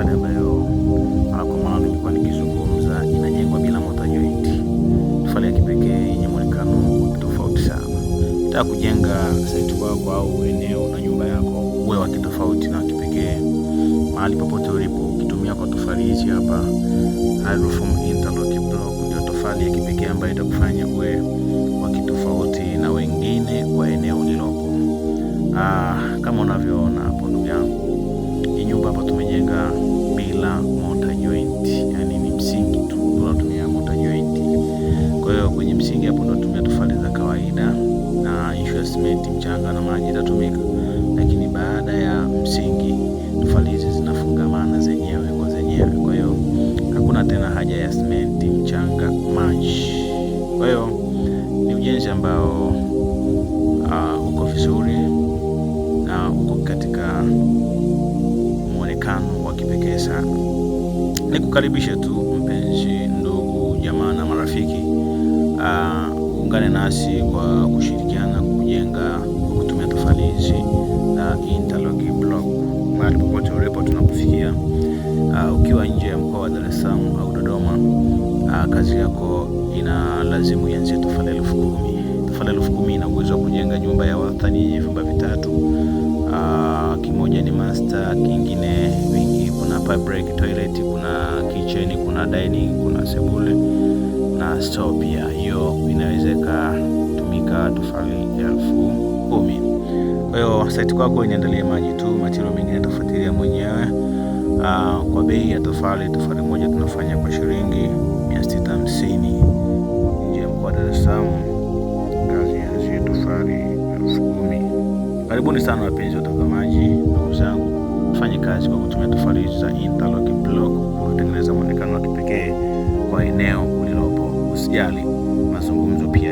safari ambayo mara kwa mara nilikuwa nikizungumza inajengwa bila mota joint. Safari ya kipekee yenye mwonekano tofauti sana. Nataka kujenga site wako au eneo na nyumba yako uwe wa kitofauti na kipekee. Mahali popote ulipo ukitumia kwa tofali hizi hapa Aerofum Interlock Block ndio tofali ya kipekee ambayo itakufanya uwe wa kitofauti na wengine kwa eneo lilopo. Ah, kama unavyoona hapo ndugu yangu kimsingi hapo ndo tumia tofali za kawaida na ishu ya simenti, mchanga na maji itatumika, lakini baada ya msingi tofali hizi zinafungamana zenyewe kwa zenyewe. Kwa hiyo hakuna tena haja ya simenti, mchanga, maji. Kwa hiyo ni ujenzi ambao uh, uko vizuri na uko katika muonekano wa kipekee sana. Nikukaribishe tu mpenzi, ndugu, jamaa na marafiki Ungane nasi kwa kushirikiana kujenga kwa kutumia tofali hizi na interlock block mahali popote ulipo tunakufikia. Uh, ah, ukiwa nje ya mkoa wa Dar es Salaam au Dodoma, uh, kazi yako ina lazimu ianzie tofali elfu kumi. Tofali elfu kumi ina uwezo wa kujenga nyumba ya wastani yenye vyumba vitatu. Uh, kimoja ni master, kingine wingi, kuna break, toilet, kuna kitchen, kuna dining, kuna sebule na store pia, hiyo inaweza ikatumika tofali elfu kumi. Kwa hiyo site kwako inaendelea maji tu, material mengine tafuatilia mwenyewe. Uh, kwa bei ya tofali, tofali moja tunafanya kwa shilingi 650 nje ya mkoa wa Dar es Salaam, kazi ya tofali elfu kumi. Karibuni sana wapenzi watazamaji, ndugu zangu, fanye kazi kwa kutumia tofali hizi za interlock block usijali mazungumzo pia